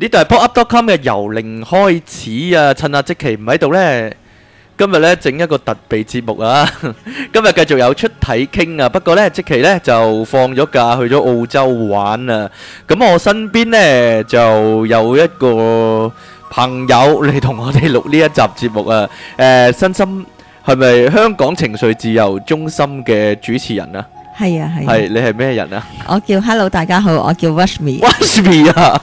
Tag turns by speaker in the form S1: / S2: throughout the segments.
S1: 呢度係 popup.com 嘅由零開始啊！趁阿即奇唔喺度呢，今日呢整一個特別節目啊！今日繼續有出體傾啊，不過呢即奇呢就放咗假去咗澳洲玩啊！咁我身邊呢就有一個朋友嚟同我哋錄呢一集節目啊！誒，身心係咪香港情緒自由中心嘅主持人啊？
S2: 係啊係。
S1: 係你係咩人啊？
S2: 我叫 Hello，大家好，我叫 Washmi。
S1: Washmi 啊！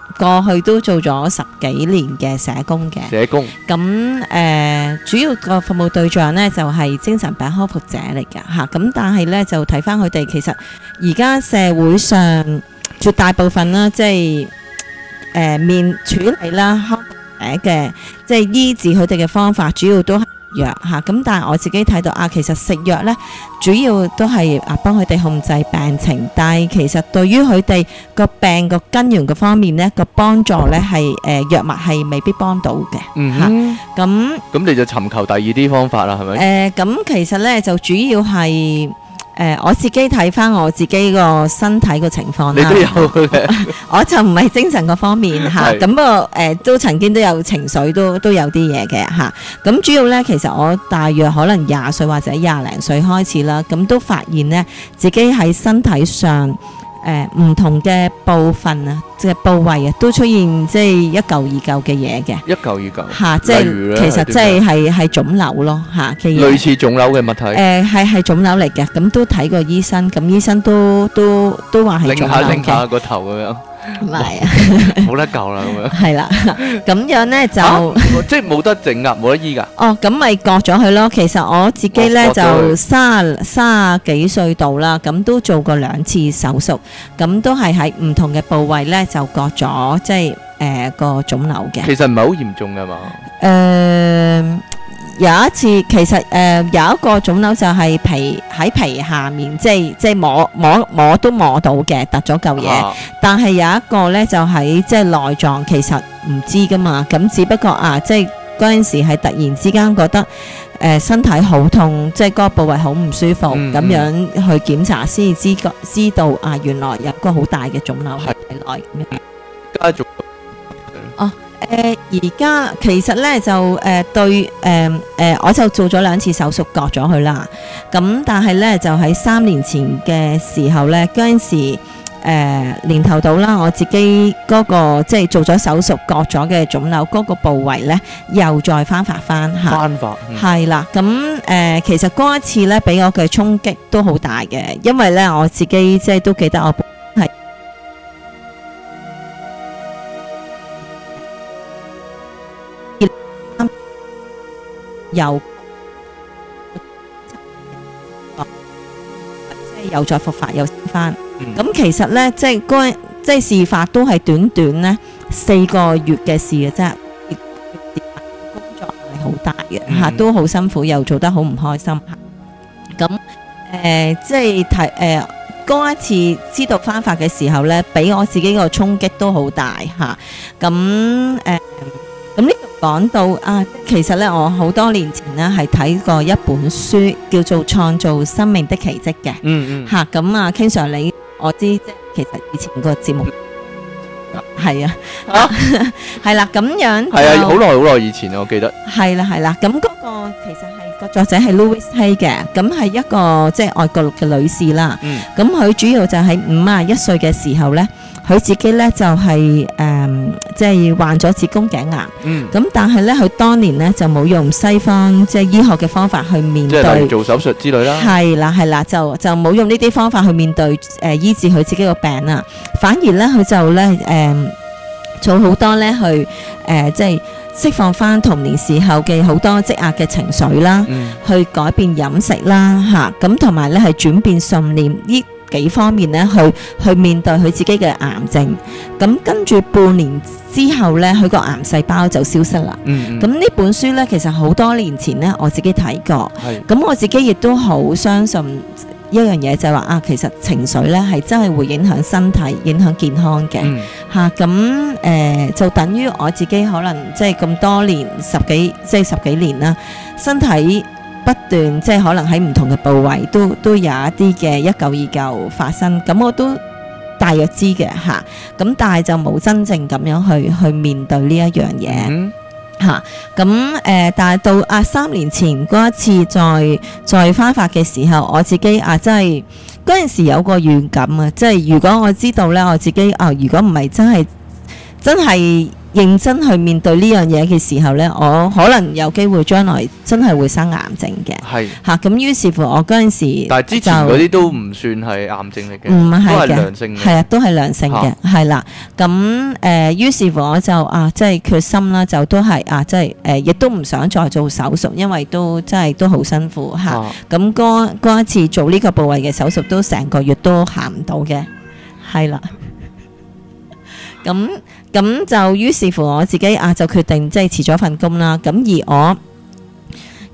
S2: 過去都做咗十幾年嘅社工嘅，社工咁誒、呃，主要個服務對象呢，就係、是、精神病康復者嚟嘅嚇，咁、啊、但係呢，就睇返佢哋其實而家社會上絕大部分啦，即、就、係、是呃、面處理啦康復者嘅，即、就、係、是、醫治佢哋嘅方法主要都係。藥吓，咁但係我自己睇到啊，其實食藥咧，主要都係啊幫佢哋控制病情，但係其實對於佢哋個病個根源嘅方面咧，個幫助咧係誒藥物係未必幫到嘅，嗯，吓咁
S1: 咁你就尋求第二啲方法啦，係咪？誒，
S2: 咁其實咧就主要係。誒、呃、我自己睇返我自己個身體個情況啦， 我就唔係精神個方面嚇，咁不過誒都曾經都有情緒，都都有啲嘢嘅嚇。咁、啊、主要呢，其實我大約可能廿歲或者廿零歲開始啦，咁都發現呢自己喺身體上。誒唔、呃、同嘅部分啊，即係部位啊，都出現即係一舊二舊嘅嘢嘅。一
S1: 舊二舊嚇，即係、啊、其實即係係
S2: 係腫瘤咯嚇嘅嘢。啊、類
S1: 似腫瘤嘅物體。誒
S2: 係係腫瘤嚟嘅，咁都睇過醫生，咁醫生都都都話係腫瘤嘅。拎下拎下、嗰
S1: 個頭唔係啊，冇得救啦咁樣，係啦，
S2: 咁樣咧就
S1: 即係冇得整噶，冇得醫噶。
S2: 哦，咁咪割咗佢咯。其實我自己咧就三三啊幾歲度啦，咁都做過兩次手術，咁都係喺唔同嘅部位咧就割咗，即係誒個腫瘤嘅。其
S1: 實唔係好嚴重噶嘛。
S2: 誒。有一次，其實誒、呃、有一個腫瘤就係皮喺皮下面，即係即係摸摸摸都摸到嘅凸咗嚿嘢。啊、但係有一個咧就喺、是、即係內臟，其實唔知㗎嘛。咁只不過啊，即係嗰陣時係突然之間覺得誒、呃、身體好痛，即係嗰部位好唔舒服，咁、嗯嗯、樣去檢查先至知覺知道啊，原來有個好大嘅腫瘤喺體內。繼續啊！誒，而家、呃、其實咧就誒對誒誒，我就做咗兩次手術，割咗佢啦。咁但係咧就喺三年前嘅時候咧，嗰陣時誒年、呃、頭到啦、那個、嗯嗯呃，我自己嗰個即係做咗手術割咗嘅腫瘤嗰個部位咧，又再翻發翻吓。翻發係啦，咁誒其實嗰一次咧，俾我嘅衝擊都好大嘅，因為咧我自己即係都記得我。又即係又再復發又翻，咁、嗯、其實咧即係嗰即係事發都係短短咧四個月嘅事嘅啫。工作壓力好大嘅嚇，嗯、都好辛苦，又做得好唔開心。咁誒、呃、即係提誒嗰、呃、一次知道翻發嘅時候咧，俾我自己個衝擊都好大嚇。咁、啊、誒。講到啊，其實咧，我好多年前咧係睇過一本書，叫做《創造生命的奇蹟》嘅。嗯。嚇，咁啊，King Sir，你，我知即係其實以前個節目。係啊。嚇！係啦，咁樣。係啊，好耐好耐以前啦，我記得。係啦係啦，咁嗰個其實係個作者係 Louis Hay 嘅，咁係一個即係外國嘅女士啦。嗯。咁佢主要就喺五啊一歲嘅時候咧。佢自己咧就係、是、誒、呃，即係患咗子宮頸癌。嗯呢。咁但係咧，佢當年咧就冇用西方即係醫學嘅方法去面對。即係做手術之類啦。係啦，係啦，就就冇用呢啲方法去面對誒、呃、醫治佢自己個病啦、啊。反而咧，佢就咧誒、呃、做好多咧去誒、呃、即係釋放翻童年時候嘅好多積壓嘅情緒啦，嗯、去改變飲食啦吓，咁同埋咧係轉變信念幾方面咧，去去面對佢自己嘅癌症，咁跟住半年之後咧，佢個癌細胞就消失啦。嗯，嗯，咁呢本書咧，其實好多年前咧，我自己睇過。係，咁我自己亦都好相信一樣嘢，就係話啊，其實情緒咧係真係會影響身體、影響健康嘅。嗯，咁誒就等於我自己可能即係咁多年十幾即係十幾年啦，身體。不斷即係可能喺唔同嘅部位都都有一啲嘅一九二九發生，咁我都大約知嘅吓，咁但係就冇真正咁樣去去面對呢一樣嘢吓，咁誒，但係、呃、到啊三年前嗰一次再再翻發嘅時候，我自己啊真係嗰陣時有個預感啊，即係如果我知道呢，我自己啊如果唔係真係真係。認真去面對呢樣嘢嘅時候呢，我可能有機會將來真係會生癌症嘅。係吓是，咁於、啊、是乎，我嗰陣時就嗰啲都
S1: 唔算係癌症嚟嘅，唔係、嗯、良性嘅。係的啊，都係良性嘅，
S2: 係啦。咁誒，於是乎我就啊，即係決心啦，就都係啊，即係誒，亦、啊、都唔想再做手術，因為都真係都好辛苦吓。咁、啊、嗰、啊啊嗰個、一次做呢個部位嘅手術，都成個月都行唔到嘅，係啦。咁。咁就於是乎我自己啊，就決定即係辭咗份工啦。咁而我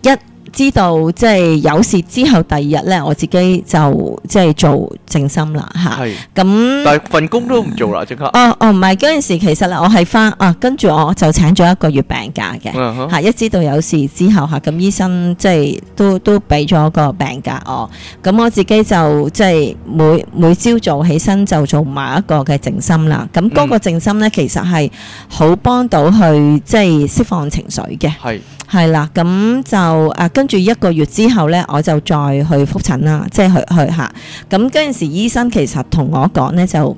S2: 一知道即係有事之後第二日咧，我自己就即係做靜心啦，吓，係是。咁、
S1: 啊、但係份工都唔做啦，即刻、哦。哦哦，唔
S2: 係嗰陣時，其實啦，我係翻啊，跟住我就請咗一個月病假嘅吓、uh huh. 啊，一知道有事之後吓，咁、啊、醫生即係都都俾咗個病假我。咁我自己就即係每每朝早起身就做埋一個嘅靜心啦。咁嗰個靜心咧、嗯、其實係好幫到去即係釋放情緒嘅。係係啦，咁就啊跟。住一個月之後呢，我就再去復診啦，即係去去吓。咁嗰陣時，醫生其實同我講呢，就。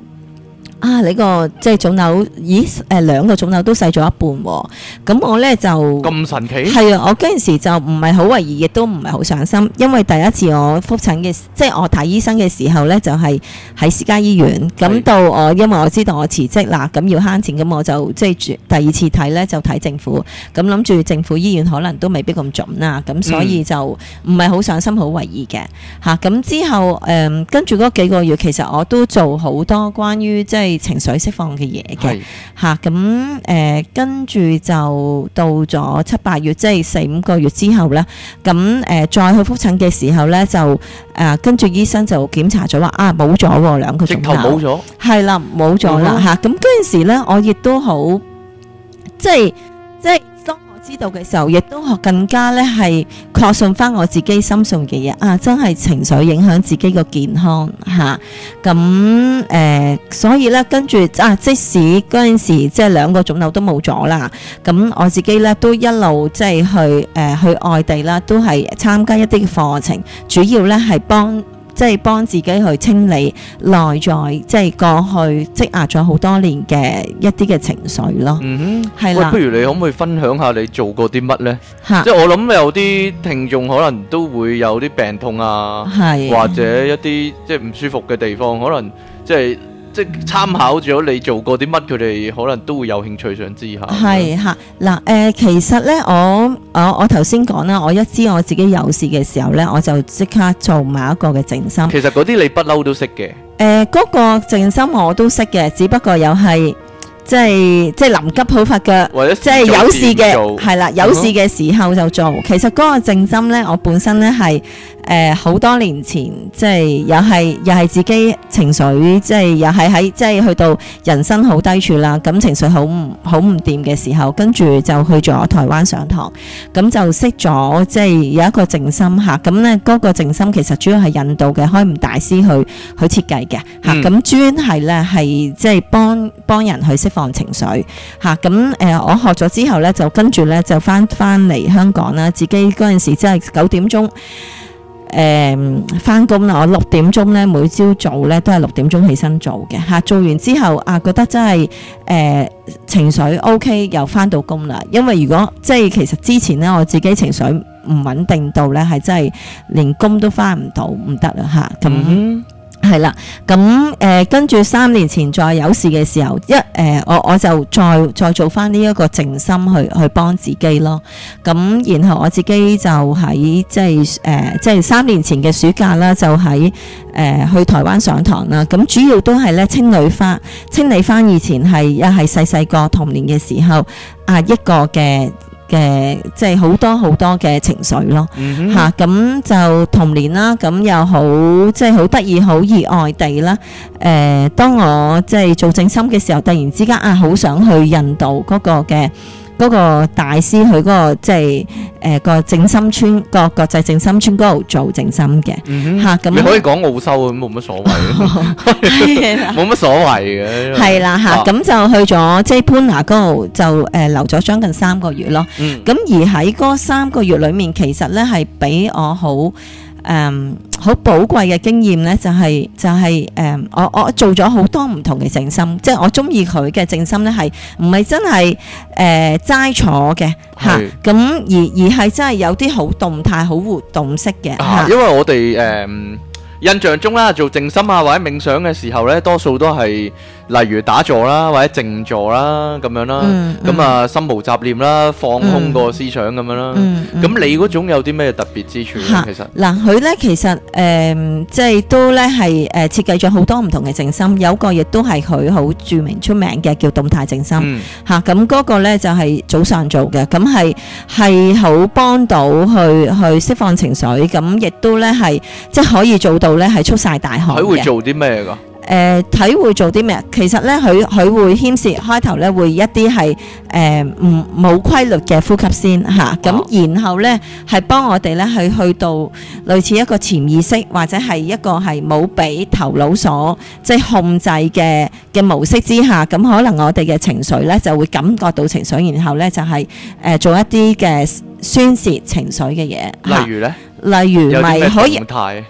S2: 啊！你個即係腫瘤，咦？誒兩個腫瘤都細咗一半咁、哦、我咧就咁神奇，係啊！我嗰陣時就唔係好懷疑，亦都唔係好上心，因為第一次我復診嘅，即係我睇醫生嘅時候咧，就係、是、喺私家醫院。咁、嗯、到我因為我知道我辭職啦，咁要慳錢，咁我就即係住第二次睇咧，就睇政府。咁諗住政府醫院可能都未必咁準啦，咁所以就唔係好上心，好懷、嗯、疑嘅吓，咁、啊、之後誒跟住嗰幾個月，其實我都做好多關於即係。情緒釋放嘅嘢嘅吓，咁誒跟住就到咗七八月，即係四五個月之後咧，咁誒再去復診嘅時候咧，就誒跟住醫生就檢查咗話啊冇咗兩個腫塊，冇咗？係啦冇咗啦吓，咁嗰陣時咧我亦都好即係即係。知道嘅時候，亦都學更加咧係確信翻我自己心上嘅嘢啊！真係情緒影響自己個健康嚇。咁、啊、誒、嗯呃，所以咧跟住啊，即使嗰陣時即係兩個腫瘤都冇咗啦，咁、啊、我自己咧都一路即係去誒、呃、去外地啦，都係參加一啲課程，主要咧係幫。即係幫自己去清理內在，即係過去積壓咗好多年嘅一啲嘅情緒咯。嗯哼，係啦。喂，不如
S1: 你可唔可以分享下你做過啲乜呢？哈即係我諗有啲聽眾可能都會有啲病痛啊，啊或者一啲即係唔舒服嘅地方，可能即係。參考咗你做過啲乜，佢哋可能都會有興趣想知下。係
S2: 吓嗱，誒，其實咧，我我我頭先講啦，我一知我自己有事嘅時候咧，我就即刻做埋一個嘅靜心。其
S1: 實嗰啲你不嬲都識嘅。誒、
S2: 呃，嗰、嗰個靜心我都識嘅，只不過又係即係即係臨急抱佛腳，即係有事嘅係啦，有事嘅時候就做。Uh huh. 其實嗰個靜心咧，我本身咧係。誒、呃、好多年前，即係又係又係自己情緒，即係又係喺即係去到人生好低處啦，咁情緒好唔好唔掂嘅時候，跟住就去咗台灣上堂，咁就識咗即係有一個靜心客咁呢。嗰、嗰個靜心其實主要係印度嘅開悟大師去去設計嘅嚇，咁、嗯啊、專係呢係即係幫幫人去釋放情緒嚇。咁、啊、誒、呃，我學咗之後呢，就跟住呢就翻翻嚟香港啦。自己嗰陣時即係九點鐘。誒，翻工啦！我六點鐘咧，每朝早咧都係六點鐘起身做嘅吓，做完之後啊，覺得真係誒、呃、情緒 OK，又翻到工啦。因為如果即係其實之前咧，我自己情緒唔穩定到咧，係真係連工都翻唔到，唔得啦吓。嗯。係啦，咁誒跟住三年前再有事嘅時候，一、誒、呃、我我就再再做翻呢一個靜心去去幫自己咯。咁然後我自己就喺即係誒、呃、即係三年前嘅暑假啦，就喺誒、呃、去台灣上堂啦。咁主要都係咧清理翻清理翻以前係一係細細個童年嘅時候啊一個嘅。嘅即係好多好多嘅情緒咯嚇，咁、嗯哼啊、就童年啦，咁又好即係好得意、好熱愛地啦。誒，當我即係做正心嘅時候，突然之間啊，好想去印度嗰個嘅。嗰個大師去嗰、嗰個即係誒、呃嗰個靜心村、嗰個國際靜心村嗰度做靜心嘅嚇咁，嗯哼啊、你可以
S1: 講奧修啊，冇乜所
S2: 謂，
S1: 冇乜 所謂嘅。係啦嚇，咁
S2: 就去咗哇即係潘娜嗰度，就誒、呃、留咗將近三個月咯。咁、嗯、而喺嗰三個月裏面，其實咧係畀我好。誒，好寶貴嘅經驗呢，就係、是、就係、是、誒、um，我我做咗好多唔同嘅靜心，即係我中意佢嘅靜心呢，係唔係真係誒齋坐嘅吓，咁是、啊、而而係真係有啲好動態、好活動式嘅。吓、啊，
S1: 因為我哋誒、嗯、印象中啦，做靜心啊或者冥想嘅時候呢，多數都係。例如打坐啦，或者靜坐啦咁樣啦，咁啊心無雜念啦，放空個思想咁樣啦。咁你嗰種有啲咩特別之處咧？其實
S2: 嗱，佢咧其實誒即係都咧係誒設計咗好多唔同嘅靜心，有個亦都係佢好著名出名嘅，叫動態靜心。吓咁嗰個咧就係早上做嘅，咁係係好幫到去去釋放情緒，咁亦都咧係即係可以做到咧係出曬大汗嘅。佢會做
S1: 啲咩㗎？
S2: 誒體會做啲咩？其實咧，佢佢會牽涉開頭咧，會一啲係誒唔冇規律嘅呼吸先嚇。咁然後咧，係幫我哋咧去去到類似一個潛意識或者係一個係冇俾頭腦所即係控制嘅嘅模式之下，咁可能我哋嘅情緒咧就會感覺到情緒，然後咧就係誒做一啲嘅宣泄情緒嘅嘢。例如咧，例如咪可以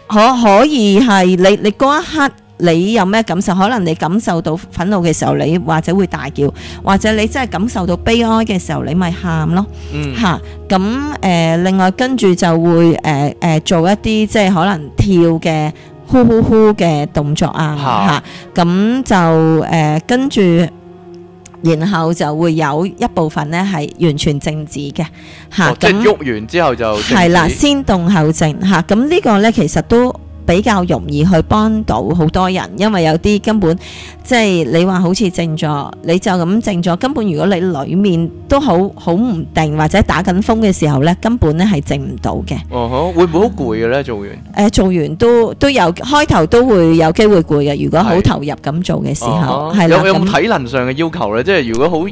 S2: 可可以係你你嗰一刻。你有咩感受？可能你感受到憤怒嘅時候，你或者會大叫；或者你真係感受到悲哀嘅時候，你咪喊咯。嗯、啊。嚇！咁、呃、誒，另外跟住就會誒誒、呃呃、做一啲即係可能跳嘅呼呼呼嘅動作啊嚇！咁、啊、就誒跟住，然後就會有一部分咧係完全靜止嘅嚇。啊哦嗯、即
S1: 喐完之後就。係、啊嗯、啦，先
S2: 動後靜嚇。咁、啊嗯這個、呢個咧其實都。比較容易去幫到好多人，因為有啲根本即係你話好似靜坐，你就咁靜坐。根本如果你裏面都好好唔定或者打緊風嘅時候呢，根本呢係靜唔到嘅。
S1: 哦、uh，huh. 會唔會好攰嘅呢？做完？
S2: 誒、呃，做完都都有開頭都會有機會攰嘅，如果好投入咁做嘅時候，係、uh huh. 啦。有有冇體
S1: 能上嘅要求呢？即係如果好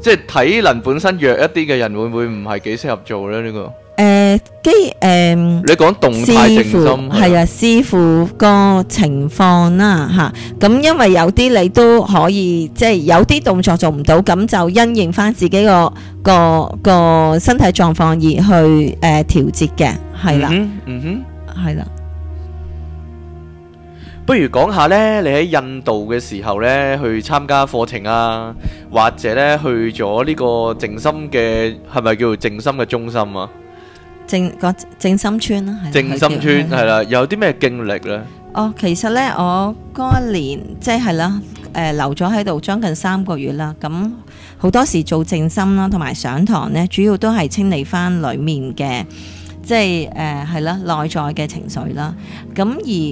S1: 即係體能本身弱一啲嘅人，會唔會唔係幾適合做呢？呢、呢個？
S2: 誒，基誒，你講動態靜心係啊，師傅個情況啦吓，咁因為有啲你都可以，即係有啲動作做唔到，咁就因應翻自己個個個身體狀況而去誒調節嘅，係啦，嗯哼，係啦，
S1: 不如講下呢，你喺印度嘅時候呢，去參加課程啊，或者呢去咗呢個靜心嘅，係咪叫做靜心嘅中心啊？
S2: 正個正心村啦，正心村係
S1: 啦，有啲咩經歷咧？
S2: 哦，其實咧，我嗰年即係啦，誒、呃、留咗喺度將近三個月啦，咁好多時做正心啦，同埋上堂咧，主要都係清理翻裏面嘅。即係誒係啦，內在嘅情緒啦。咁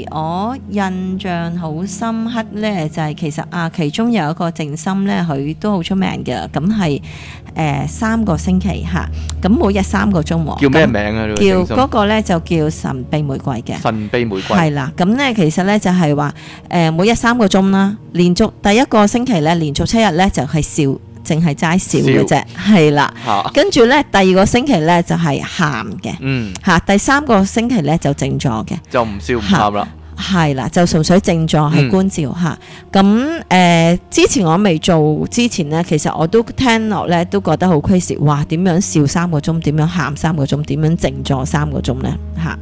S2: 而我印象好深刻咧，就係其實啊，其中有一個靜心咧，佢都好出名嘅。咁係誒三個星期嚇，咁每日三個鐘喎。叫咩名啊？叫嗰個咧就叫神秘玫瑰嘅。神秘玫瑰係啦。咁咧其實咧就係話誒每日三個鐘啦，連續第一個星期咧連續七日咧就係笑。淨係齋笑嘅啫，係 啦，啊、跟住咧第二個星期咧就係喊嘅，嗯，吓、啊、第三個星期咧就靜坐嘅，
S1: 就唔笑唔喊啦，
S2: 係、啊、啦，就純粹靜坐係觀照吓。咁誒、嗯啊嗯呃，之前我未做之前咧，其實我都聽落咧都覺得好 crazy，哇！點樣笑三個鐘，點樣喊三個鐘，點樣靜坐三個鐘咧吓？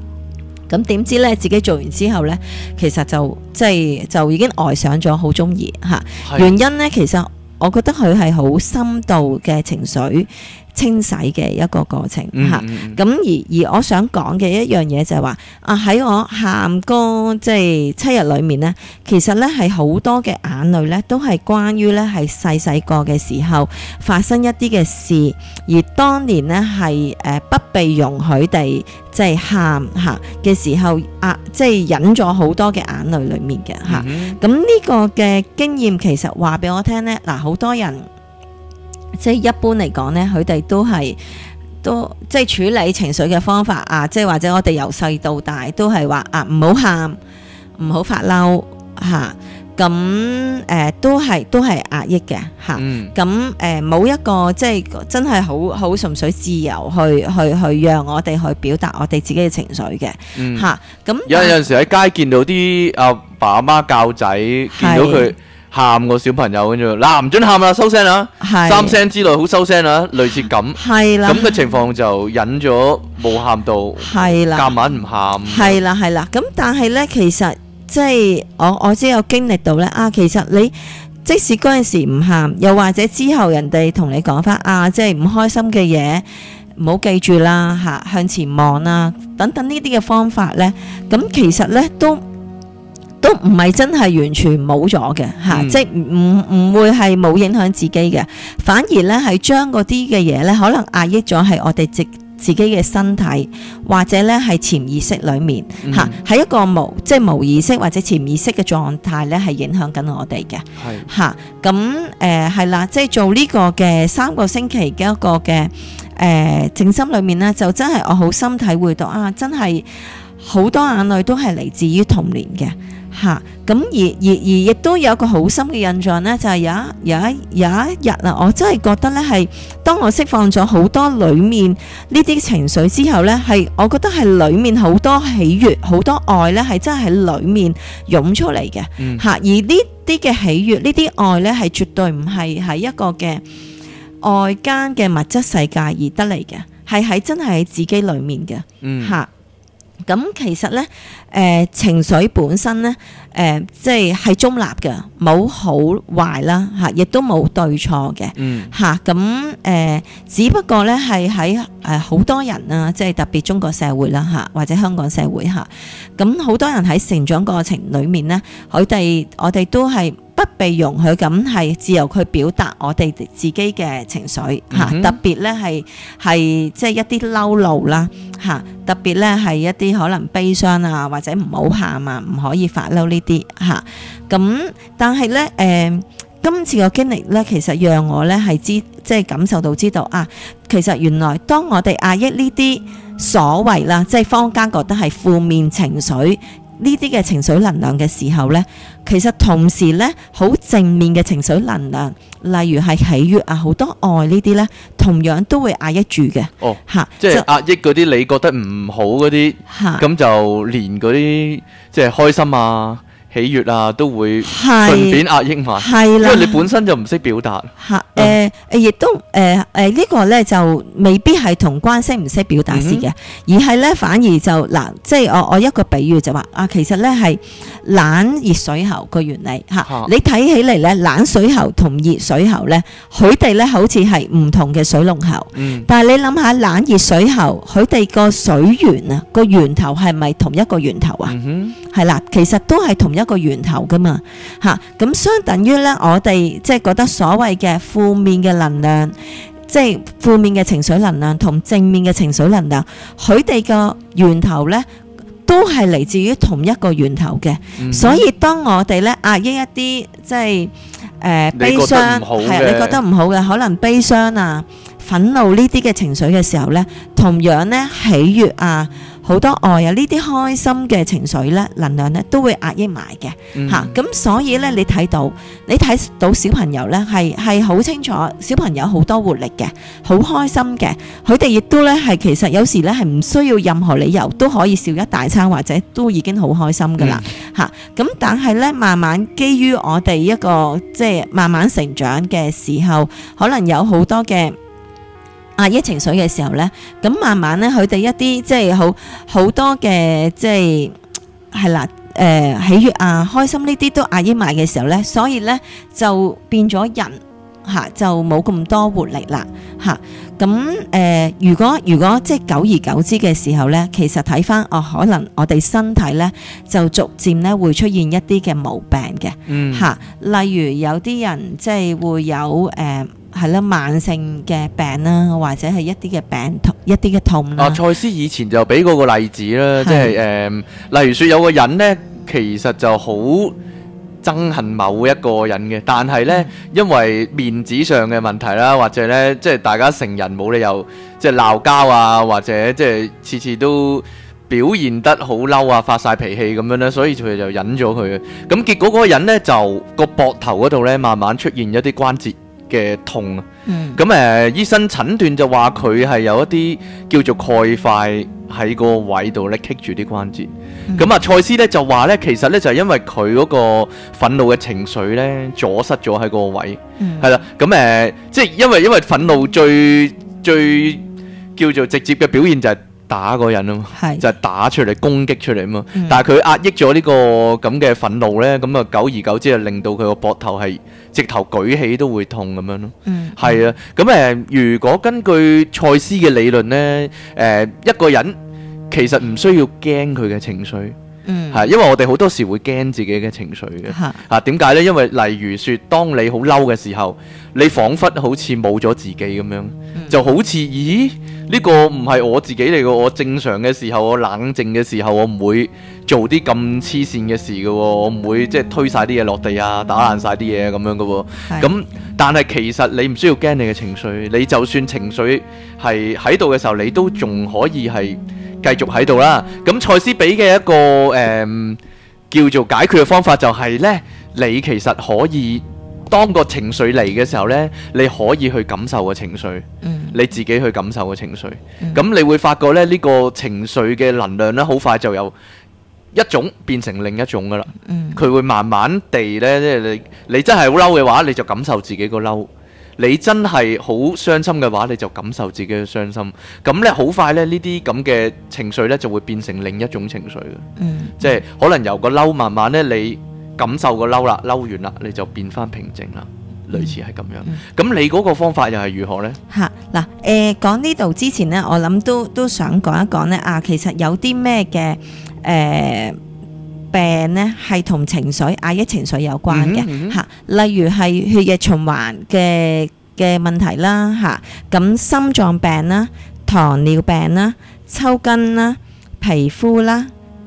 S2: 咁、啊、點、啊、知咧自己做完之後咧，其實就即係、就是、就已經愛上咗，好中意吓。啊、原因咧其實。嗯嗯我覺得佢係好深度嘅情緒。清洗嘅一個過程嚇，咁、mm hmm. 啊、而而我想講嘅一樣嘢，就係、是、話，啊喺我喊歌即係七日裏面呢，其實呢係好多嘅眼淚呢都係關於呢係細細個嘅時候發生一啲嘅事，而當年呢係誒不被容許地即係喊吓嘅時候，啊即係、就是、忍咗好多嘅眼淚裏面嘅吓。咁呢、mm hmm. 啊、個嘅經驗其實話俾我聽呢嗱好多人。即係一般嚟講咧，佢哋都係都即係處理情緒嘅方法啊！即係或者我哋由細到大都係話啊，唔好喊，唔好發嬲嚇，咁、啊、誒、呃、都係都係壓抑嘅嚇。咁誒冇一個即係真係好好純粹自由去去去讓我哋去表達我哋自己嘅情緒嘅嚇。咁、
S1: 嗯啊、有有陣時喺街見到啲阿爸阿媽教仔，係嘅見到佢。喊個小朋友跟住，嗱唔准喊啦，收聲啦，三聲之內好收聲啦，類似咁係啦，咁嘅情況就忍咗，冇喊到，
S2: 係啦，夾硬唔喊，係啦係啦，咁但係咧，其實即係我我只有經歷到咧啊，其實你即使嗰陣時唔喊，又或者之後人哋同你講翻啊，即係唔開心嘅嘢，唔好記住啦，吓向前望啦，等等呢啲嘅方法咧，咁其實咧都。都唔係真係完全冇咗嘅，嚇、嗯，即係唔唔會係冇影響自己嘅，反而咧係將嗰啲嘅嘢咧，可能壓抑咗係我哋自自己嘅身體或者咧係潛意識裏面，嚇，喺一個無即係無意識或者潛意識嘅狀態咧，係影響緊我哋嘅，係嚇咁誒係啦，即係做呢個嘅三個星期嘅一個嘅誒、呃、靜心裏面咧，就真係我好深體會到啊，真係好多眼淚都係嚟自於童年嘅。吓咁、啊、而而而亦都有一個好深嘅印象咧，就係、是、有一有一有一日啊，我真係覺得咧係當我釋放咗好多裏面呢啲情緒之後咧，係我覺得係裏面好多喜悅好多愛咧，係真係喺裏面湧出嚟嘅。吓、嗯、而呢啲嘅喜悅呢啲愛咧，係絕對唔係喺一個嘅外間嘅物質世界而得嚟嘅，係喺真係喺自己裏面嘅。吓。嗯啊咁其實咧，誒情緒本身咧，誒即係係中立嘅，冇好壞啦，嚇，亦都冇對錯嘅，嚇、嗯。咁誒，只不過咧，係喺誒好多人啦，即係特別中國社會啦，嚇，或者香港社會嚇，咁好多人喺成長過程裡面咧，佢哋我哋都係。不被容許咁係自由去表達我哋自己嘅情緒吓，特別咧，係係即係一啲嬲怒，啦吓，特別咧，係一啲可能悲傷啊，或者唔好喊啊，唔可以發嬲呢啲吓。咁但係咧誒，今次嘅經歷咧，其實讓我咧係知即係感受到知道啊，其實原來當我哋壓抑呢啲所謂啦，即係坊間覺得係負面情緒。呢啲嘅情緒能量嘅時候呢，其實同時呢，好正面嘅情緒能量，例如係喜悦啊、好多愛呢啲呢，同樣都會壓一住嘅。哦，嚇，即係
S1: 壓抑嗰啲你覺得唔好嗰啲，嚇哈，咁就連嗰啲即係開心啊。喜悅啊，都會順便壓抑埋，係啦，因為你本身就唔識表達。
S2: 嚇，誒誒，亦都誒誒，呢個咧就未必係同關係識唔識表達事嘅，而係咧反而就嗱，即係我我一個比喻就話啊，其實咧係冷熱水喉個原理嚇，你睇起嚟咧冷水喉同熱水喉咧，佢哋咧好似係唔同嘅水龍喉，嗯，但係你諗下冷熱水喉佢哋個水源啊，個源頭係咪同一個源頭啊？嗯哼，係啦，其實都係同一。一個源頭噶嘛吓，咁相等於咧，我哋即係覺得所謂嘅負面嘅能量，即係負面嘅情緒能量同正面嘅情緒能量，佢哋個源頭咧都係嚟自於同一個源頭嘅，所以當我哋咧壓抑一啲即係誒悲傷，係你覺得唔好嘅，可能悲傷啊、憤怒呢啲嘅情緒嘅時候咧，同樣咧喜悅啊。好多愛啊！呢啲開心嘅情緒呢，能量呢都會壓抑埋嘅嚇。咁、嗯啊、所以呢，你睇到你睇到小朋友呢，係，係好清楚，小朋友好多活力嘅，好開心嘅。佢哋亦都呢係其實有時呢係唔需要任何理由都可以笑一大餐，或者都已經好開心噶啦嚇。咁、嗯啊、但係呢，慢慢基於我哋一個即係慢慢成長嘅時候，可能有好多嘅。壓抑情緒嘅時候咧，咁慢慢咧，佢哋一啲即係好好多嘅，即係係啦，誒、呃、喜悅啊、開心呢啲都壓抑埋嘅時候咧，所以咧就變咗人吓、啊、就冇咁多活力啦吓，咁、啊、誒、啊、如果如果即係久而久之嘅時候咧，其實睇翻哦，可能我哋身體咧就逐漸咧會出現一啲嘅毛病嘅吓、嗯啊，例如有啲人即係會有誒。呃係啦，慢性嘅病啦、啊，或者係一啲嘅病痛，一啲嘅痛啊，蔡
S1: 司、啊、以前就俾過個例子啦，即係誒，例如說有個人呢，其實就好憎恨某一個人嘅，但係呢，因為面子上嘅問題啦，或者呢，即、就、係、是、大家成人冇理由即係鬧交啊，或者即係次次都表現得好嬲啊，發晒脾氣咁樣咧，所以佢就忍咗佢。咁結果嗰個人呢，就個膊頭嗰度呢，慢慢出現一啲關節。嘅痛啊，咁誒、嗯嗯，醫生診斷就話佢係有一啲叫做鈣塊喺個位度咧，棘住啲關節，咁啊、嗯嗯，蔡司咧就話咧，其實咧就係、是、因為佢嗰個憤怒嘅情緒咧阻塞咗喺個位，係啦、嗯，咁誒、嗯嗯，即係因為因為憤怒最最叫做直接嘅表現就係、是。打個人啊嘛，是就係打出嚟攻擊出嚟啊嘛，嗯、但係佢壓抑咗呢、這個咁嘅憤怒呢，咁啊久而久之就令到佢個膊頭係直頭舉起都會痛咁樣咯。係、嗯、啊，咁誒、呃，如果根據賽斯嘅理論呢，誒、呃、一個人其實唔需要驚佢嘅情緒。嗯，因為我哋好多時會驚自己嘅情緒嘅，吓，點解呢？因為例如說，當你好嬲嘅時候，你仿佛好似冇咗自己咁樣，嗯、就好似咦呢、呢個唔係我自己嚟嘅。我正常嘅時候，我冷靜嘅時候，我唔會做啲咁黐線嘅事嘅、哦，我唔會、嗯、即係推晒啲嘢落地啊，打爛晒啲嘢咁樣嘅，咁但係其實你唔需要驚你嘅情緒，你就算情緒係喺度嘅時候，你都仲可以係、嗯。繼續喺度啦，咁蔡思比嘅一個誒、嗯、叫做解決嘅方法就係呢：你其實可以當個情緒嚟嘅時候呢，你可以去感受個情緒，嗯、你自己去感受個情緒，咁、嗯、你會發覺咧呢、這個情緒嘅能量呢，好快就由一種變成另一種噶啦，佢、嗯、會慢慢地呢，即係你你真係好嬲嘅話，你就感受自己個嬲。你真係好傷心嘅話，你就感受自己嘅傷心。咁咧，好快咧，呢啲咁嘅情緒咧，就會變成另一種情緒嘅。嗯，即係可能由個嬲慢慢咧，你感受個嬲啦，嬲完啦，你就變翻平靜啦，嗯、類似係咁樣。咁、嗯、你嗰個方法又係如何呢？吓、
S2: 啊、嗱、呃，誒，講呢度之前呢，我諗都都想講一講呢。啊，其實有啲咩嘅，誒、呃。病咧，係同情緒壓抑情緒有關嘅吓、嗯嗯啊，例如係血液循環嘅嘅問題啦吓，咁、啊、心臟病啦、啊、糖尿病啦、啊、抽筋啦、啊、皮膚啦、啊、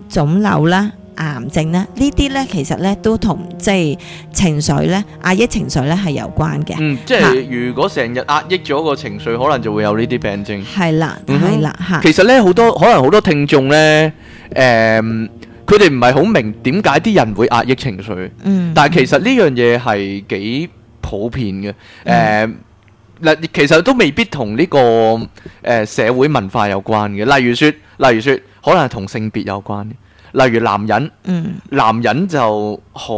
S2: 腫瘤啦、啊啊、癌症啦、啊，呢啲咧，其實咧，都同即係情緒咧，壓抑情緒咧，係有關嘅、嗯。即係、
S1: 啊、如果成日壓抑咗個情緒，可能就會有呢啲病症。
S2: 係啦，係啦吓。其
S1: 實咧，好多可能好多聽眾咧，誒。佢哋唔係好明點解啲人會壓抑情緒，嗯、但係其實呢樣嘢係幾普遍嘅。誒嗱、嗯呃，其實都未必同呢、呢個誒、呃、社會文化有關嘅。例如說，例如說，可能係同性別有關嘅。例如男人，嗯、男人就好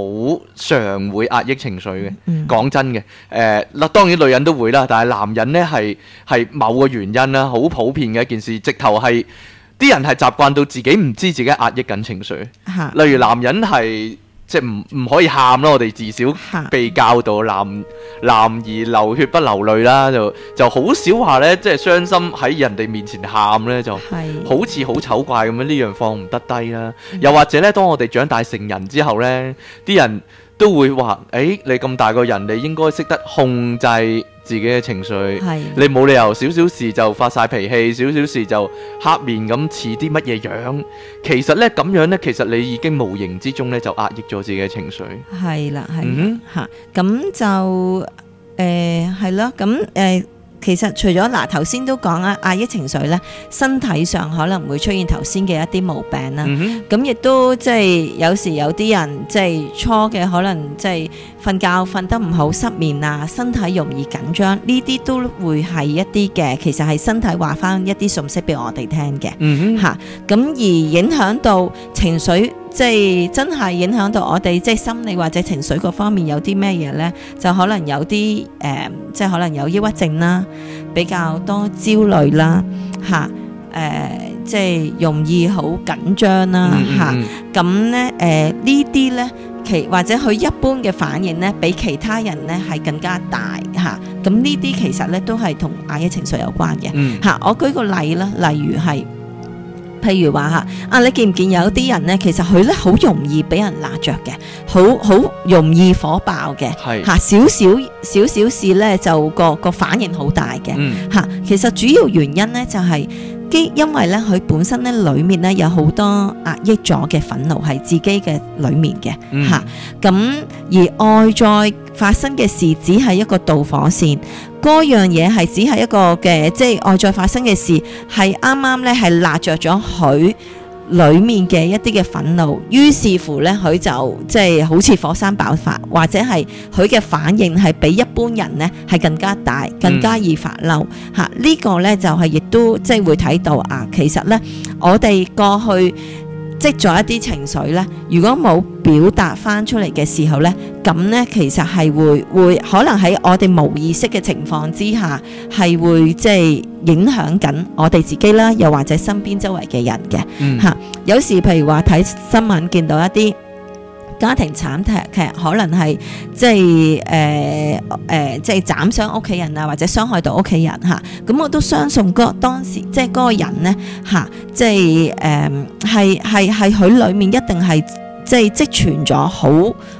S1: 常會壓抑情緒嘅。講、嗯、真嘅，誒、呃、嗱，當然女人都會啦，但係男人呢，係係某個原因啦，好普遍嘅一件事，直頭係。啲人係習慣到自己唔知自己壓抑緊情緒， 例如男人係即係唔唔可以喊咯，我哋至少被教到男男兒流血不流淚啦，就就好少話呢，即係傷心喺人哋面前喊呢，就好似好醜怪咁樣呢樣放唔得低啦。又或者呢，當我哋長大成人之後呢，啲人。都會話，誒、哎，你咁大個人，你應該識得控制自己嘅情緒。係，你冇理由少少事就發晒脾氣，少少事就黑面咁似啲乜嘢樣。其實呢，咁樣呢，其實你已經無形之中呢就壓抑咗自己嘅情緒。
S2: 係啦，係。嗯，咁、啊、就，誒、呃，係囉，咁，誒、呃。其實除咗嗱，頭先都講啦，壓抑、啊、情緒咧，身體上可能會出現頭先嘅一啲毛病啦。咁亦、嗯、哼都即係有時有啲人即係初嘅，可能即係瞓覺瞓得唔好、失眠啊，身體容易緊張，呢啲都會係一啲嘅。其實係身體話翻一啲信息俾我哋聽嘅，吓咁、嗯哼啊、而影響到情緒。即係真係影響到我哋，即係心理或者情緒各方面有啲咩嘢咧，就可能有啲誒、呃，即係可能有抑鬱症啦，比較多焦慮啦，吓，誒，即係容易好緊張啦，吓、mm，咁、hmm. 咧、啊，誒呢啲咧、呃、其或者佢一般嘅反應咧，比其他人咧係更加大吓，咁呢啲其實咧都係同壓抑情緒有關嘅，吓、mm hmm. 啊，我舉個例啦，例如係。譬如話吓，啊你見唔見有啲人咧，其實佢咧好容易俾人拿着嘅，好好容易火爆嘅，係吓少少少少事咧就個個反應好大嘅，吓、嗯啊，其實主要原因咧就係、是、基因為咧佢本身咧裏面咧有好多壓抑咗嘅憤怒係自己嘅裏面嘅，吓、啊、咁而外在。發生嘅事只係一個導火線，嗰樣嘢係只係一個嘅，即係外在發生嘅事剛剛，係啱啱咧係辣着咗佢裏面嘅一啲嘅憤怒，於是乎咧佢就即係好似火山爆發，或者係佢嘅反應係比一般人咧係更加大，更加易發嬲吓，嗯啊這個、呢個咧就係、是、亦都即係會睇到啊，其實咧我哋過去。積聚一啲情緒咧，如果冇表達翻出嚟嘅時候咧，咁咧其實係會會可能喺我哋無意識嘅情況之下，係會即係影響緊我哋自己啦，又或者身邊周圍嘅人嘅，吓、嗯啊、有時譬如話睇新聞見到一啲。家庭慘劇劇可能係即係誒誒，即係斬傷屋企人啊，或者傷害到屋企人嚇。咁、啊嗯、我都相信，個當時即係嗰個人咧嚇、啊，即係誒，係係係佢裡面一定係即係積存咗好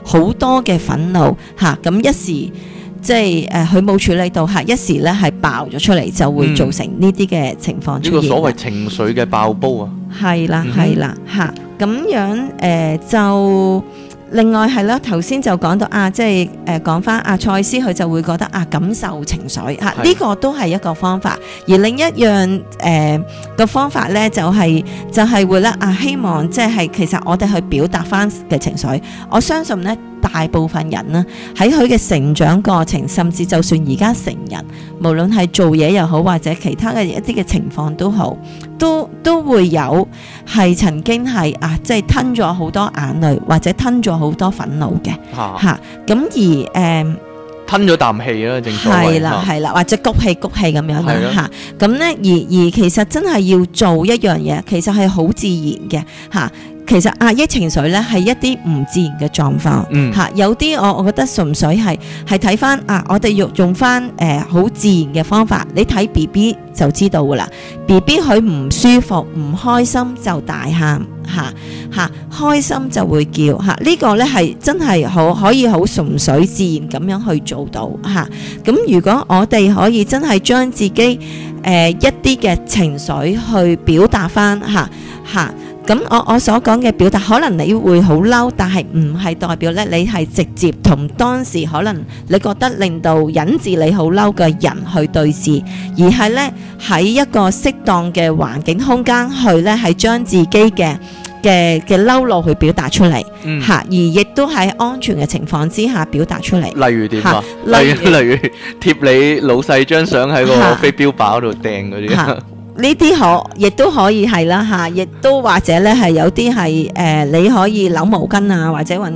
S2: 好多嘅憤怒嚇。咁一時即係誒，佢冇處理到嚇，一時咧係、呃啊、爆咗出嚟，就會造成呢啲嘅情況出現。嗯這個所謂
S1: 情緒嘅爆煲啊，係啦係啦
S2: 嚇，咁、嗯嗯、樣誒、呃呃、就。另外係啦，頭先就講到啊，即係誒講翻阿賽斯佢就會覺得啊，感受情緒嚇，呢、啊這個都係一個方法。而另一樣誒、呃、個方法呢，就係、是、就係、是、會啦，啊，希望即係其實我哋去表達翻嘅情緒，我相信呢。大部分人啦，喺佢嘅成長過程，甚至就算而家成人，無論係做嘢又好，或者其他嘅一啲嘅情況都好，都都會有係曾經係啊，即係吞咗好多眼淚，或者吞咗好多憤怒嘅吓。咁、啊啊、而誒，嗯、
S1: 吞咗啖氣啦，正係啦，係
S2: 啦，或者谷氣谷氣咁樣吓。咁咧係啦、啊啊、而而其實真係要做一樣嘢，其實係好自然嘅吓。啊其實壓抑情緒咧係一啲唔自然嘅狀況，吓、嗯啊、有啲我我覺得純粹係係睇翻啊，我哋用用翻誒好自然嘅方法，你睇 B B 就知道噶啦，B B 佢唔舒服唔開心就大喊吓吓，開心就會叫吓，啊這個、呢個咧係真係好可以好純粹自然咁樣去做到吓。咁、啊啊、如果我哋可以真係將自己誒、呃、一啲嘅情緒去表達翻吓吓。啊啊啊咁我我所講嘅表達，可能你會好嬲，但係唔係代表咧，你係直接同當時可能你覺得令到引致你好嬲嘅人去對峙，而係咧喺一個適當嘅環境空間去咧，係將自己嘅嘅嘅嬲怒去表達出嚟，吓，而亦都喺安全嘅情況之下表達出嚟。
S1: 例如點啊？例例如貼你老細張相喺個飛鏢靶度掟嗰啲。
S2: 呢啲可，亦都可以係啦吓，亦都或者咧係有啲係誒，你可以扭毛巾啊，或者揾。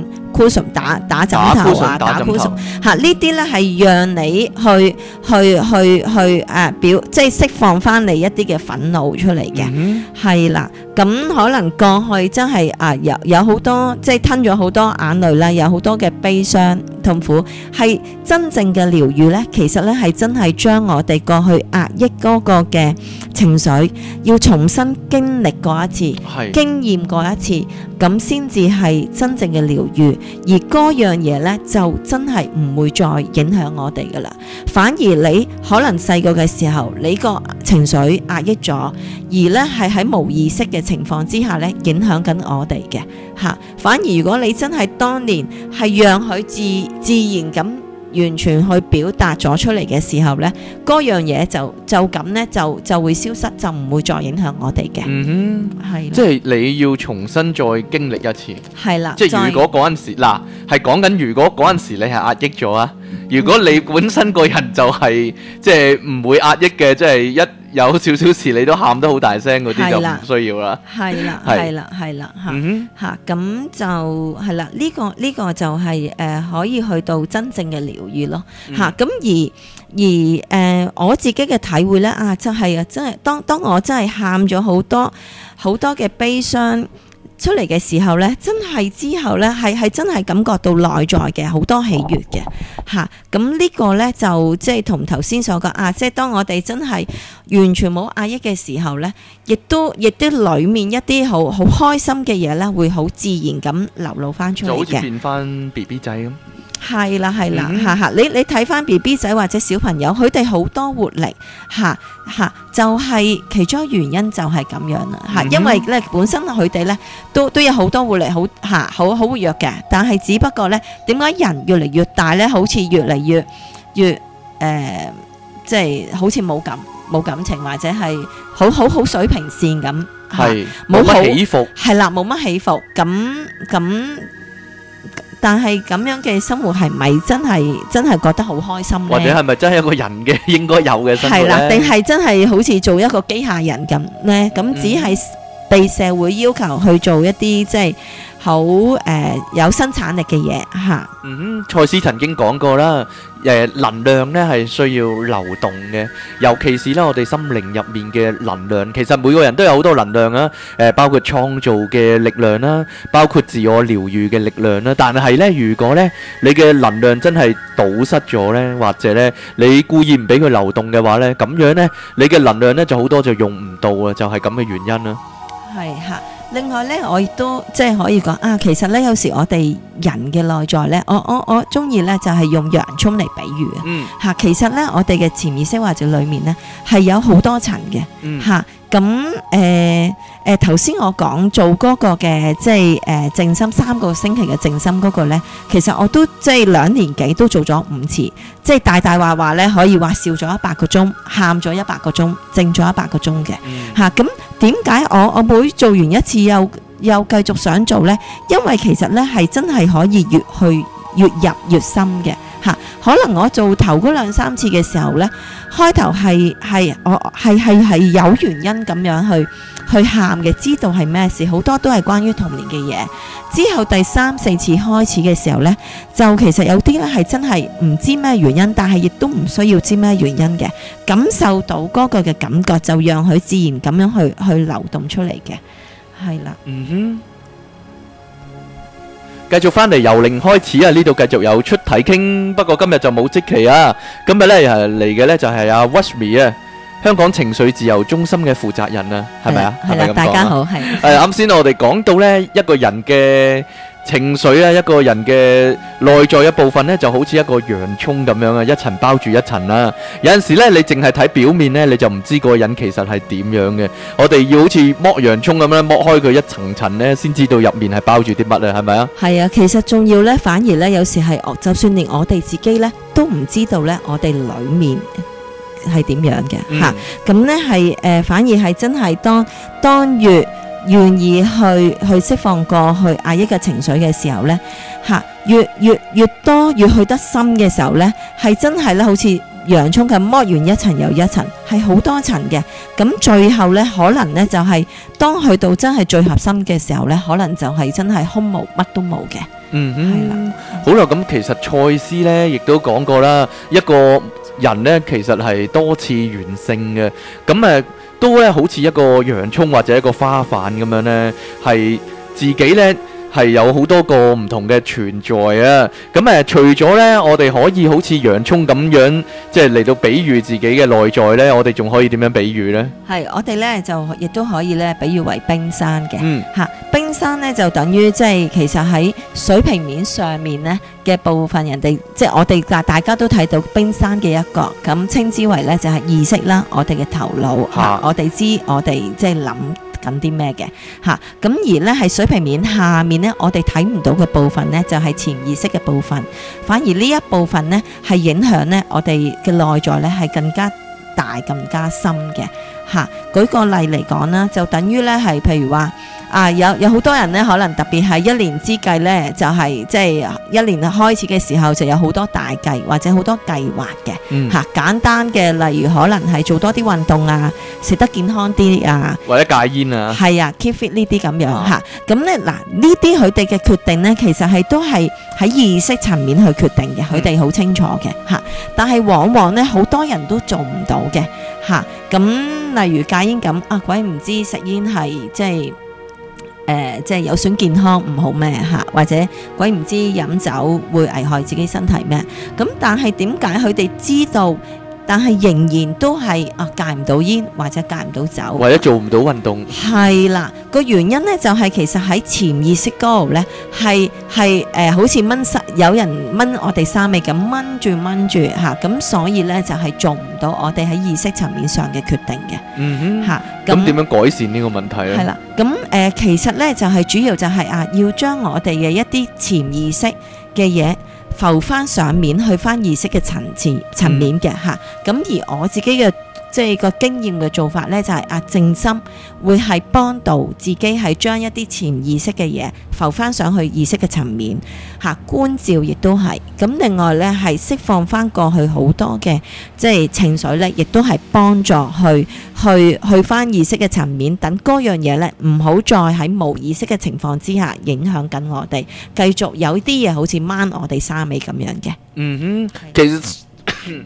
S2: 打打枕頭啊，打 cushion 吓呢啲呢係讓你去去去去誒、啊、表，即、就、係、是、釋放翻你一啲嘅憤怒出嚟嘅，係啦、嗯。咁可能過去真係啊有有好多即係、就是、吞咗好多眼淚啦，有好多嘅悲傷痛苦，係真正嘅療愈呢，其實呢係真係將我哋過去壓抑嗰個嘅情緒，要重新經歷過一次，的經驗過一次，咁先至係真正嘅療愈。而嗰樣嘢咧就真係唔會再影響我哋噶啦，反而你可能細個嘅時候，你個情緒壓抑咗，而咧係喺無意識嘅情況之下咧影響緊我哋嘅吓，反而如果你真係當年係讓佢自自然咁。完全去表達咗出嚟嘅時候呢，嗰樣嘢就就咁呢，就就會消失，就唔會再影響我哋嘅。嗯哼，係。是的 即係
S1: 你要重新再經歷一次。
S2: 係啦的。即係如果
S1: 嗰陣時嗱，係講緊如果嗰陣時你係壓抑咗啊。如果你本身個人就係即係唔會壓抑嘅，即係一有少少事你都喊得好大聲嗰啲，就唔需要啦。係啦，係啦，
S2: 係啦，吓吓咁就係啦。呢個呢個就係誒可以去到真正嘅療癒咯。吓咁，嗯哼，而而誒我自己嘅體會咧啊，就係啊真係當當我真係喊咗好多好多嘅悲傷出嚟嘅時候呢，真係之後呢，係係真係感覺到內在嘅好多喜悅嘅吓，咁、啊、呢個呢，就即係同頭先所講啊，即係當我哋真係完全冇壓抑嘅時候呢，亦都亦都裏面一啲好好開心嘅嘢呢，會好自然咁流露翻出嚟嘅。就好似變翻
S1: B B 仔咁。
S2: 係啦，係啦，吓吓、嗯，你你睇翻 BB 仔或者小朋友，佢哋好多活力，吓吓，就係、是、其中原因就係咁樣啦，吓，嗯、因為咧本身佢哋咧都都有好多活力，好吓，好好活躍嘅，但係只不過咧，點解人越嚟越大咧，好似越嚟越越誒，即、呃、係、就是、好似冇感冇感情，或者係好好好水平綫咁，係冇乜起伏，係啦，冇乜起伏，咁咁。但係咁樣嘅生活係咪真係真係覺得好開心咧？或者係
S1: 咪真係一個人嘅應該有嘅生活咧？係啦，定係
S2: 真係好似做一個機械人咁咧？咁、嗯、只係被社會要求去做一啲即係。就是好誒，有生產力嘅嘢吓。嗯，
S1: 蔡司曾經講過啦，誒，能量咧係需要流動嘅，尤其是咧我哋心靈入面嘅能量，其實每個人都有好多能量啊。誒，包括創造嘅力量啦，包括自我療癒嘅力量啦。但係咧，如果咧你嘅能量真係堵塞咗咧，或者咧你故意唔俾佢流動嘅話咧，咁樣咧你嘅能量咧就好多就用唔到啊，就係咁嘅原因啦。
S2: 係吓。另外呢，我亦都即係可以講啊，其實呢，有時我哋人嘅內在呢，我我我中意呢，就係、是、用洋蔥嚟比喻、嗯、啊，吓，其實呢，我哋嘅潛意識或者裏面呢，係有好多層嘅，吓、嗯啊。咁誒誒頭先我講做嗰個嘅即係誒、呃、靜心三個星期嘅靜心嗰個呢，其實我都即係兩年幾都做咗五次，即係大大話話呢，可以話笑咗一百個鐘，喊咗一百個鐘，靜咗一百個鐘嘅嚇。咁點解我我每做完一次又又繼續想做呢？因為其實呢，係真係可以越去。越入越深嘅吓，啊，可能我做頭嗰兩三次嘅時候呢，開頭係係我係係係有原因咁樣去去喊嘅，知道係咩事，好多都係關於童年嘅嘢。之後第三四次開始嘅時候呢，就其實有啲咧係真係唔知咩原因，但係亦都唔需要知咩原因嘅，感受到嗰個嘅感覺，就讓佢自然咁樣去去流動出嚟嘅，係啦，嗯哼。
S1: 繼續翻嚟由零開始啊！呢度繼續有出題傾，不過今日就冇即期啊。今日咧係嚟嘅咧就係阿 Washmi 啊，香港情緒自由中心嘅負責人啊，係咪啊？係啦，大家好，係。誒，啱先我哋講到咧，一個人嘅，情緒咧，一個人嘅內在一部分咧，就好似一個洋葱咁樣啊，一層包住一層啦。有陣時咧，你淨係睇表面咧，你就唔知嗰個人其實係點樣嘅。我哋要好似剝洋葱咁樣咧，剝開佢一層層咧，先知道入面係包住啲乜啊？係咪啊？
S2: 係啊，其實仲要咧，反而咧，有時係我，就算連我哋自己咧，都唔知道咧，我哋裡面係點樣嘅嚇。咁咧係誒，反而係真係當當月。願意去去釋放過去壓抑嘅情緒嘅時候咧，吓越越越多越去得深嘅時候咧，係真係咧好似洋葱咁剝完一層又一層，係好多層嘅。咁最後咧，可能咧就係當去到真係最核心嘅時候咧，可能就係真係空無乜都冇嘅。
S1: 嗯，係啦。好啦，咁其實賽斯咧亦都講過啦，一個人咧其實係多次完勝嘅。咁誒。都咧好似一個洋葱或者一個花瓣咁樣咧，係自己咧。係有好多個唔同嘅存在啊！咁誒，除咗呢，我哋可以好似洋葱咁樣，即係嚟到比喻自己嘅內在呢，我哋仲可以點樣比喻呢？
S2: 係，我哋呢就亦都可以呢，比喻為冰山嘅。嗯，嚇，冰山呢就等於即係其實喺水平面上面呢嘅部分，人哋即係我哋大大家都睇到冰山嘅一角，咁稱之為呢就係意識啦，我哋嘅頭腦，我哋知我哋即係諗。咁啲咩嘅嚇？咁、啊、而呢係水平面下面呢，我哋睇唔到嘅部分呢，就係、是、潛意識嘅部分。反而呢一部分呢，係影響呢我哋嘅內在呢，係更加大、更加深嘅嚇、啊。舉個例嚟講啦，就等於呢係譬如話。啊、uh, 有有好多人咧，可能特別係一年之計咧，就係即係一年開始嘅時候就有好多大計或者好多計劃嘅，嚇、mm. 啊、簡單嘅例如可能係做多啲運動啊，食得健康啲啊，
S1: 或者戒煙啊，係
S2: 啊 keep fit 呢啲咁樣嚇。咁咧，嗱呢啲佢哋嘅決定咧，其實係都係喺意識層面去決定嘅，佢哋好清楚嘅嚇。但係往往咧，好多人都做唔到嘅嚇。咁例如戒煙咁啊，鬼唔知食煙係即係。啊啊誒、呃，即係有損健康唔好咩？或者鬼唔知飲酒會危害自己身體咩？咁但係點解佢哋知道？但係仍然都係啊戒唔到煙或者戒唔到酒，或者,或
S1: 者做唔到運動。
S2: 係啦、啊，個原因咧就係、是、其實喺潛意識嗰度咧，係係誒，好似掹塞，有人掹我哋衫尾咁掹住掹住吓，咁、啊、所以咧就係、是、做唔到我哋喺意識層面上嘅決定嘅。嗯
S1: 哼吓，咁點樣改善呢個問題咧？係啦，
S2: 咁誒、呃，其實咧就係、是、主要就係啊，要將我哋嘅一啲潛意識嘅嘢。投翻上面去翻意識嘅層次層面嘅吓，咁、嗯、而我自己嘅。即係個經驗嘅做法呢，就係、壓靜心會係幫到自己係將一啲潛意識嘅嘢浮翻上去意識嘅層面，吓觀照亦都係。咁另外呢，係釋放翻過去好多嘅，即係情緒呢，亦都係幫助去去去翻意識嘅層面，等嗰樣嘢呢，唔好再喺無意識嘅情況之下影響緊我哋，繼續有啲嘢好似掹我哋衫尾咁樣嘅。
S1: 嗯哼，其實。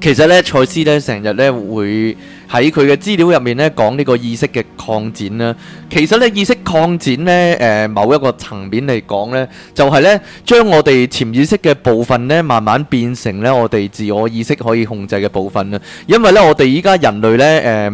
S1: 其實咧，蔡司咧，成日咧會，喺佢嘅資料入面咧，講呢個意識嘅擴展啦。其實咧，意識擴展咧，誒、呃、某一個層面嚟講咧，就係、是、咧將我哋潛意識嘅部分咧，慢慢變成咧我哋自我意識可以控制嘅部分啊。因為咧我哋依家人類咧，誒、呃、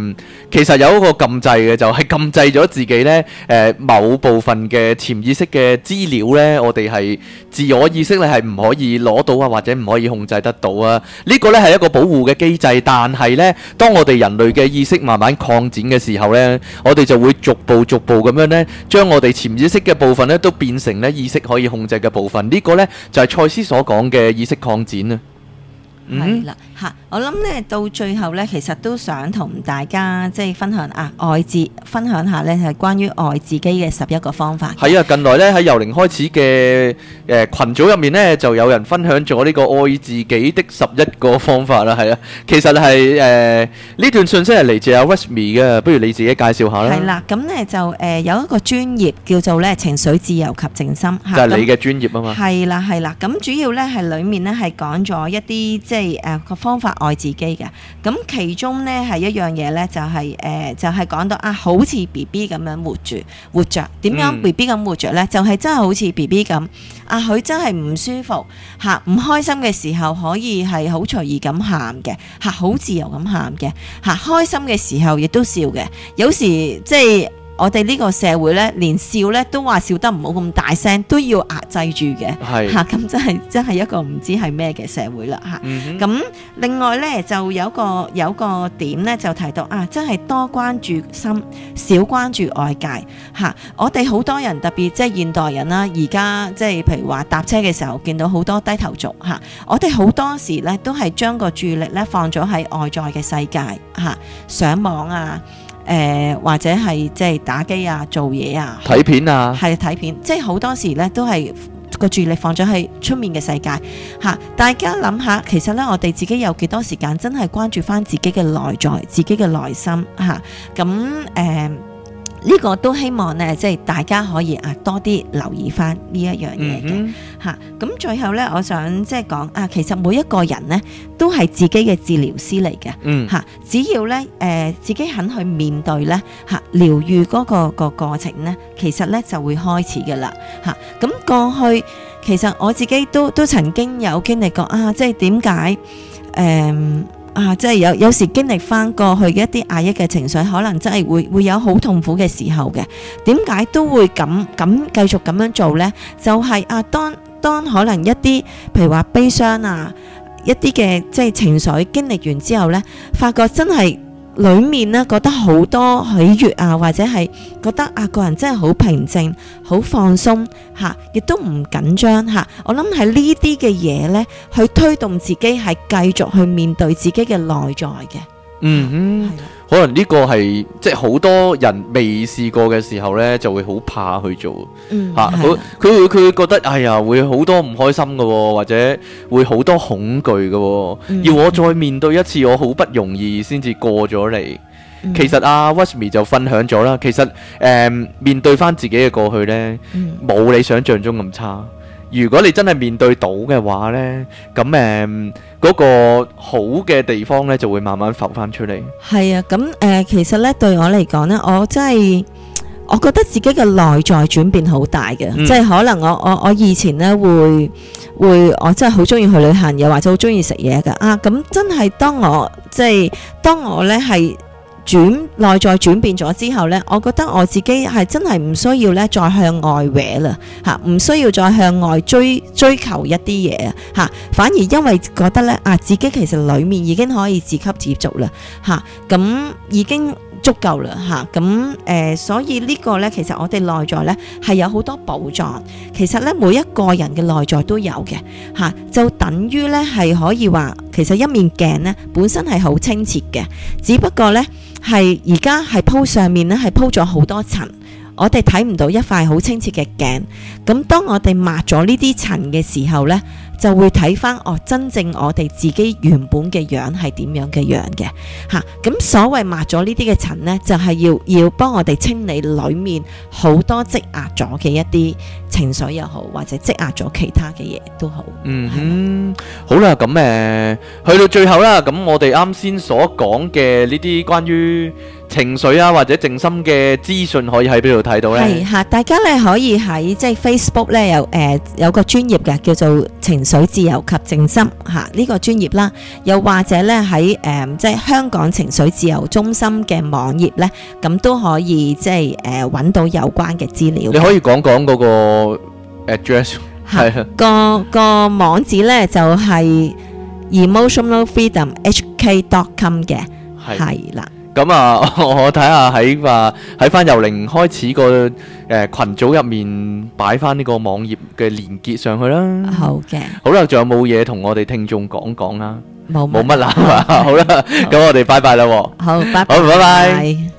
S1: 其實有一個禁制嘅，就係、是、禁制咗自己咧，誒、呃、某部分嘅潛意識嘅資料咧，我哋係自我意識咧係唔可以攞到啊，或者唔可以控制得到啊。呢個咧係一個保護嘅機制，但係咧當我哋人類，佢嘅意識慢慢擴展嘅時候呢，我哋就會逐步逐步咁樣呢，將我哋潛意識嘅部分呢都變成呢意識可以控制嘅部分。呢個呢就係賽斯所講嘅意識擴展啊！係
S2: 啦，嚇！我諗咧到最後咧，其實都想同大家即係分享啊，愛自分享下咧，係關於愛自己嘅十一個方法。係
S1: 啊，近來咧喺由零開始嘅誒羣組入面咧，就有人分享咗呢個愛自己的十一個方法啦，係啊，其實係誒呢段信息係嚟自阿 Rashmi 嘅，不如你自己介紹下啦。係啦，
S2: 咁咧就誒有一個專業叫做咧情緒自由及靜心嚇，就係你嘅專業啊嘛。係啦係啦，咁主要咧係裡面咧係講咗一啲即係。即係誒個方法愛自己嘅，咁其中呢係一樣嘢呢，就係、是、誒、呃、就係、是、講到啊，好似 B B 咁樣活住活着，點樣 B B 咁活着呢，就係、是、真係好似 B B 咁，啊佢真係唔舒服吓，唔、啊、開心嘅時候可以係好隨意咁喊嘅吓，好、啊、自由咁喊嘅吓，開心嘅時候亦都笑嘅，有時即係。就是我哋呢個社會咧，連笑咧都話笑得唔好咁大聲，都要壓制住嘅。係嚇是，咁、啊、真係真係一個唔知係咩嘅社會啦嚇。咁、嗯哼啊、另外咧就有個有個點咧就提到啊，真係多關注心，少關注外界嚇、啊。我哋好多人特別即係現代人啦，而家即係譬如話搭車嘅時候，見到好多低頭族嚇、啊。我哋好多時咧都係將個注意力咧放咗喺外在嘅世界嚇、啊，上網啊。誒、呃、或者係即係打機啊、做嘢啊、睇片啊，係睇片，即係好多時咧都係個注意力放咗喺出面嘅世界嚇、啊。大家諗下，其實咧我哋自己有幾多時間真係關注翻自己嘅內在、自己嘅內心嚇？咁、啊、誒。呢個都希望咧，即係大家可以啊多啲留意翻呢一樣嘢嘅吓。咁、嗯、哼最後咧，我想即係講啊，其實每一個人咧都係自己嘅治療師嚟嘅，嗯吓。只要咧誒自己肯去面對咧吓療愈嗰個個過程咧，其實咧就會開始噶啦吓。咁過去其實我自己都都曾經有經歷過啊，即係點解誒？呃啊，即係有有時經歷翻過去嘅一啲壓抑嘅情緒，可能真係會會有好痛苦嘅時候嘅。點解都會咁咁繼續咁樣做咧？就係啊，當當可能一啲，譬如話悲傷啊，一啲嘅即係情緒經歷完之後咧，發覺真係。裏面呢，覺得好多喜悅啊，或者係覺得啊個人真係好平靜、好放鬆吓，亦、啊、都唔緊張吓。我諗係呢啲嘅嘢呢，去推動自己係繼續去面對自己嘅內在嘅。
S1: 嗯哼，係的可能呢個係即係好多人未試過嘅時候呢，就會好怕去做，吓佢佢會佢會覺得哎呀，會好多唔開心嘅，哦，或者會好多恐懼嘅，哦，嗯，要我再面對一次，我好不容易先至過咗嚟，嗯啊。其實阿 Wesmi 就分享咗啦，其實誒面對翻自己嘅過去呢，冇，嗯，你想象中咁差。如果你真係面對到嘅話呢，咁誒嗰個好嘅地方呢，就會慢慢浮返出嚟。
S2: 係啊，咁誒、呃、其實呢，對我嚟講呢，我真係我覺得自己嘅內在轉變好大嘅，即係、嗯、可能我我我以前呢，會會我真係好中意去旅行，又或者好中意食嘢嘅啊，咁真係當我即係、就是、當我呢係。轉內在轉變咗之後呢，我覺得我自己係真係唔需要呢再向外搲啦嚇，唔需要，啊，再向外追追求一啲嘢嚇。反而因為覺得呢，啊，自己其實裡面已經可以自給自足啦嚇，咁、啊嗯、已經足夠啦嚇。咁、啊、誒、嗯呃，所以呢個呢，其實我哋內在呢係有好多寶藏，其實呢，每一個人嘅內在都有嘅嚇、啊，就等於呢係可以話其實一面鏡呢本身係好清澈嘅，只不過呢。係而家係鋪上面咧，係鋪咗好多層，我哋睇唔到一塊好清澈嘅鏡。咁當我哋抹咗呢啲層嘅時候呢。就會睇返哦，真正我哋自己原本嘅樣係點樣嘅樣嘅吓，咁、啊、所謂抹咗呢啲嘅塵呢，就係、是、要要幫我哋清理裏面好多積壓咗嘅一啲情緒又好，或者積壓咗其他嘅嘢都好。
S1: 嗯哼，吧好啦，咁誒，去到最後啦，咁我哋啱先所講嘅呢啲關於。情緒啊，或者靜心嘅資訊可以喺邊度睇到呢？係
S2: 嚇，大家咧可以喺即係、就是、Facebook 咧有誒、呃、有個專頁嘅叫做情緒自由及靜心嚇呢、啊這個專頁啦，又或者咧喺誒即係香港情緒自由中心嘅網頁咧，咁、嗯、都可以即係誒揾到有關嘅資料。你可以
S1: 講講嗰個 address 係啊
S2: 個個網址咧就係、是、emotional freedom h k dot com 嘅係
S1: 啦。的咁、嗯、啊，我睇下喺話喺翻由零開始個誒羣組入面擺翻呢個網頁嘅連結上去啦。好嘅的，好啦，仲有冇嘢同我哋聽眾講講啊？冇，冇乜啦， 好啦了，咁的我哋拜拜啦。好，拜拜。